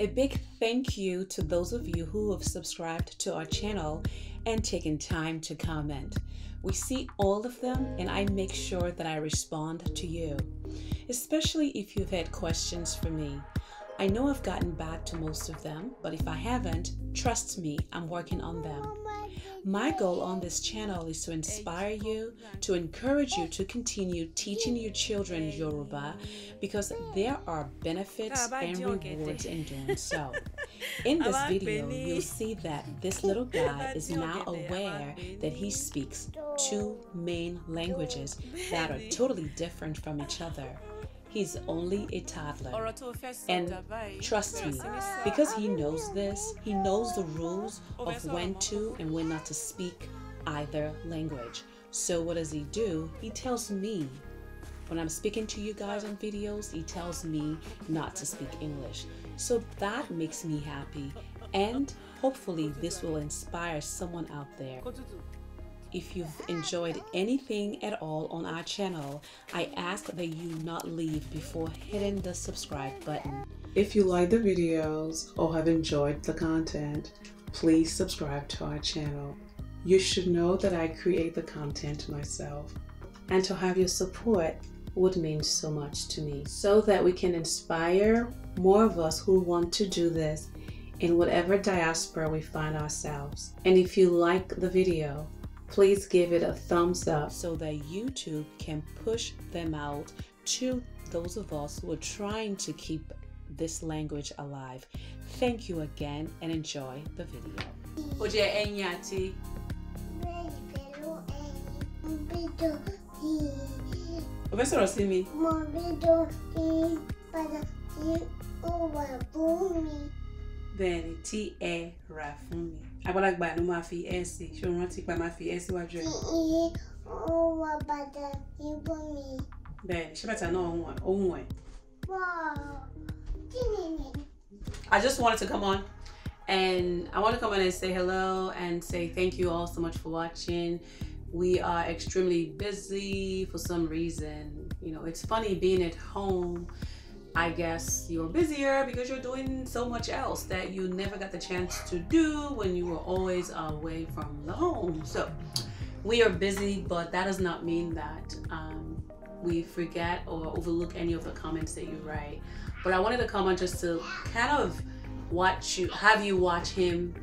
A big thank you to those of you who have subscribed to our channel and taken time to comment. We see all of them and I make sure that I respond to you, especially if you've had questions for me. I know I've gotten back to most of them, but if I haven't, trust me, I'm working on them. My goal on this channel is to inspire you, to encourage you to continue teaching your children Yoruba because there are benefits and eh, rewards in doing so. In this video, you'll see that this little guy is now eh, aware that he speaks two main languages that are totally different from each other. He's only a toddler. And trust me, because he knows this, he knows the rules of when to and when not to speak either language. So what does he do? He tells me when I'm speaking to you guys on videos, he tells me not to speak English. So that makes me happy. And hopefully this will inspire someone out there if you've enjoyed anything at all on our channel, I ask that you not leave before hitting the subscribe button. If you like the videos or have enjoyed the content, please subscribe to our channel. You should know that I create the content myself, and to have your support would mean so much to me so that we can inspire more of us who want to do this in whatever diaspora we find ourselves. And if you like the video, please give it a thumbs up so that YouTube can push them out to those of us who are trying to keep this language alive. Thank you again and enjoy the video. Oje padà bẹ́ẹ̀ ni tí ẹ rà fún mi àgbàlagbà ló máa fi ẹ sí ṣé o rántí pa máa fi ẹ síwájú ẹ. iye ó wọ bàtà ibú mi. bẹ́ẹ̀ ni ṣé bàtà náà ohun ẹ. I just wanted to come on and I want to come on and say hello and say thank you all so much for watching. We are extremely busy for some reason. You know, it's funny being at home I guess you're busier because you're doing so much else that you never got the chance to do when you were always away from the home. So we are busy, but that does not mean that um, we forget or overlook any of the comments that you write. But I wanted to come on just to kind of watch you, have you watch him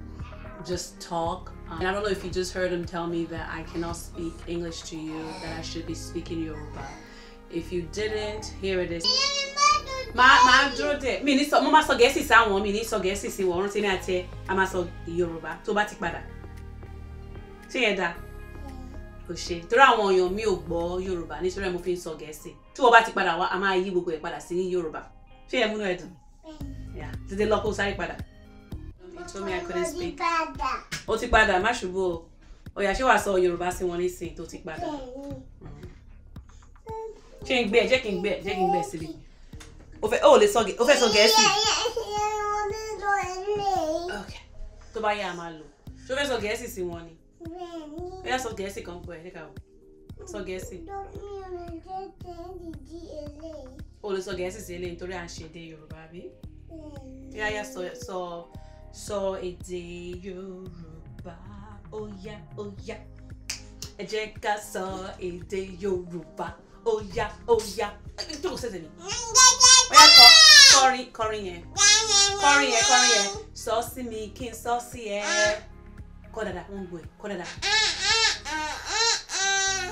just talk. Um, and I don't know if you just heard him tell me that I cannot speak English to you, that I should be speaking Yoruba. If you didn't, here it is. máa máa dúró dẹ̀ mi ní sọ mo máa sọ gẹ̀ẹ́sì sáwọn mi ní sọ gẹ̀ẹ́sì sí wọn rántí ní àti ẹ a máa sọ yorùbá tó bá ti padà ṣé yẹn dáa kò ṣe torí àwọn èèyàn mi ò gbọ́ yorùbá nítorí ẹ mo fi ń sọ gẹ̀ẹ́sì tí wọ́n bá ti padà wá a máa yí gbogbo ẹ̀ padà sí yorùbá ṣé yẹn múnú ẹ dùn tètè lọ kó sáré padà. told me I couldn't ti padà má ṣubú o ọ̀yà ṣé wàá sọ yorùbá sí wọn nísìnyí tó ti padà ṣé n gbé jẹ́ kí n gbé jẹ́ kí n gbé sílẹ̀ o fẹ́ o lè sọ o fẹ́ sọ gẹ̀ẹ́sì. tó bá yá a máa lò ṣé o fẹ́ sọ gẹ̀ẹ́sì sí wọn ni ó yá sọ gẹ̀ẹ́sì kan pọ̀ ẹ̀ níkà o sọ gẹ̀ẹ́sì. o lè sọ gẹ̀ẹ́sì sí eléyìí nítorí à ń ṣe èdè yorùbá bí. ó yá yá sọ sọ sọ èdè yorùbá ká sọ èdè yorùbá ó yá ó yá tó kò sẹ́sẹ̀ mi bóyá kọ kọrin kọrin yẹn kọrin yẹn kọrin yẹn sọ sí mi kí n sọ sí ẹ kọ dada wọn gbọ́ ẹ kọ dada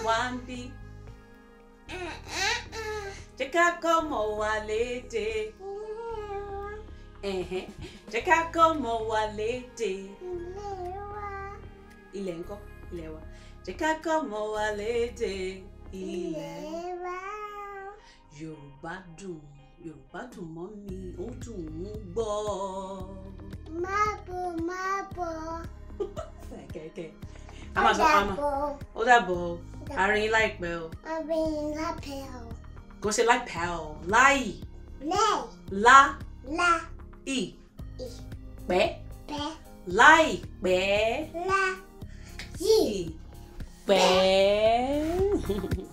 wà á ń bí jẹ́ ká kọ́ mọ̀ wá léde jẹ́ ká kọ́ mọ̀ wá léde ilẹ̀ ńkọ́ ilẹ̀ wa jẹ́ ká kọ́ mọ̀ wá léde ilẹ̀ Yorùbá dùn. yorùbá dùn mọ́ mi ó dùn ún gbọ́. má bọ̀ má bọ̀. kẹ̀kẹ́ a máa sọ pamọ́ ó dàbọ̀ arìn láìpẹ́ o. arìn láìpẹ́ o. kò ṣe láìpẹ́ o láì. láì. lá. lá. ì. ì. pẹ́. pẹ́. láìpẹ́. lá. yìí. pẹ́.